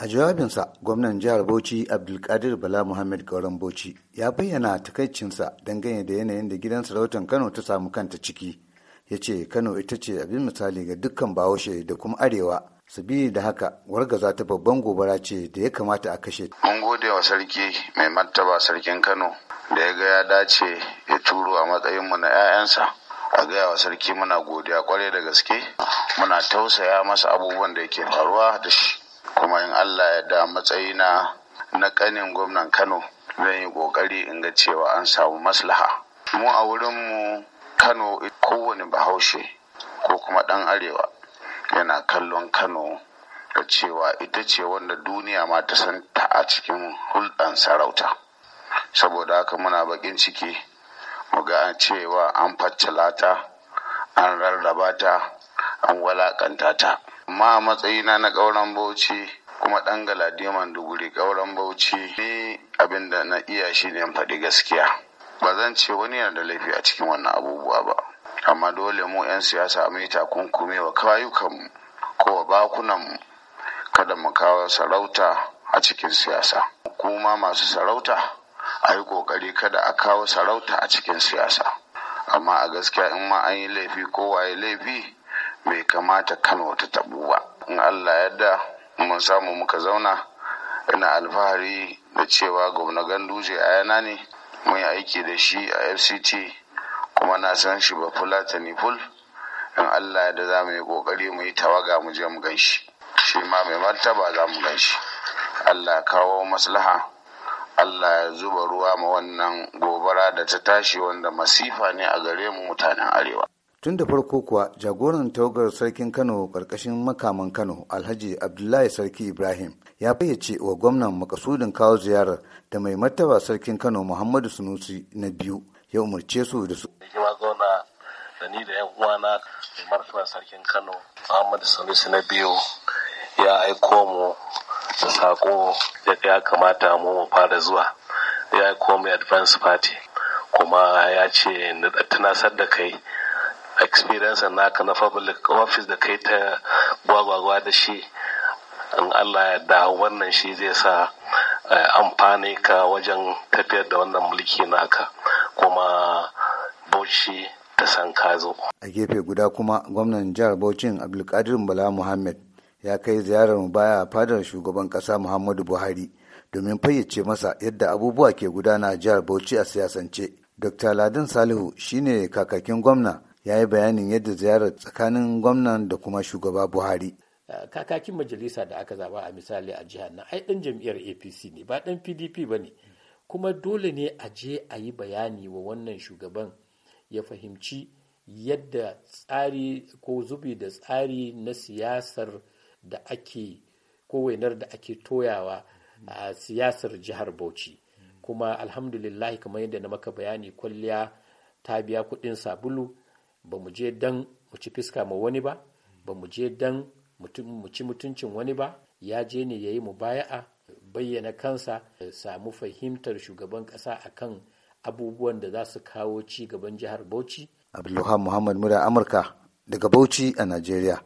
A jawabinsa, gwamnan jihar Bauchi Abdulkadir Bala Muhammad Gauran Bauchi ya bayyana takaicinsa ganye da yanayin da gidan sarautar Kano ta samu kanta ciki. Ya ce Kano ita ce abin misali ga dukkan Bahaushe da kuma Arewa. Sabili da haka wargaza ta babban gobara ce da ya kamata a kashe. Mun gode wa sarki mai martaba sarkin Kano da ya ga ya dace ya turo a matsayinmu na 'ya'yansa. a gaya wa sarki muna godiya kwarai da gaske muna tausaya masa abubuwan da yake faruwa da shi kuma in allah ya da matsayina na kanin gwamnan kano zan yi kokari in ga cewa an samu maslaha mu a wurinmu kano kowane bahaushe ko kuma ɗan arewa yana kallon kano da cewa ita ce wanda duniya ma ta san ta a cikin hulɗan sarauta saboda haka muna baƙin ciki mu ga cewa an faccala ta an rarraba ta an walakanta ta amma a matsayina na ƙauren bauchi kuma ɗan galadiman duguri ƙauren bauchi ni abin da na iya shi ne faɗi gaskiya ba zan ce wani yana da laifi a cikin wannan abubuwa ba amma dole mu 'yan siyasa mai takunkumi wa kayukanmu ko wa bakunanmu kada mu kawo sarauta a cikin siyasa kuma masu sarauta a yi kokari kada a kawo sarauta a cikin siyasa amma a gaskiya in ma an yi laifi ko waye laifi bai kamata kano ta tabu ba in allah yadda mun samu muka zauna ina alfahari da cewa gwamna ganduje a yana ne mun yi aiki da shi a fct kuma na san shi ba ta ful in allah yadda za mu yi kokari mu yi tawaga mu je mu ganshi shi ma mai martaba za mu ganshi allah kawo maslaha allah ya zuba ruwa ma wannan gobara da ta tashi wanda masifa ne a gare mu mutanen arewa tun da farko kuwa jagoran tawagar sarkin kano karkashin makaman kano alhaji abdullahi sarki ibrahim ya fayyace wa gwamnan makasudin kawo ziyarar da mai martaba sarkin kano muhammadu sunusi na biyu ya umarce su da su da ni da yan uwana mai martaba sarkin kano muhammadu Sanusi na biyu ya aiko mu da sako da ya kamata mu fara zuwa ya aiko mu advance party kuma ya ce na tunasar da kai experience naka na public office da kai ta gwagwagwa da shi in allah ya da wannan shi zai sa eh, amfani ka wajen tafiyar da wannan mulki naka kuma bauchi ta san ka zo a gefe guda kuma gwamnan jihar bauchin abdulkadir bala muhammad ya kai ziyarar baya fadar shugaban kasa muhammadu buhari domin fayyace masa yadda abubuwa ke gudana a jihar bauchi a siyasance dr ladin salihu shine kakakin gwamna ya yi bayanin yadda ziyarar tsakanin gwamnan da kuma shugaba buhari kakakin majalisa da aka zaba a misali a jihar na ai dan jam'iyyar apc ne ba dan pdp ba ne kuma dole ne a je a yi bayani wa wannan shugaban ya fahimci yadda tsari ko zubi da tsari na siyasar da ake ko wainar da ake toyawa a siyasar jihar bauchi kuma alhamdulillah kamar yadda na maka bayani kwalliya ta biya kuɗin sabulu ba mu je dan mu ci fiska ma wani ba ba mu je dan mu ci mutuncin wani ba ya je ne ya yi mu mubaya'a bayyana kansa samu fahimtar shugaban ƙasa akan abubuwan da za su kawo ci gaban jihar bauchi abdulluhan muhammad mura amurka daga bauchi a najeriya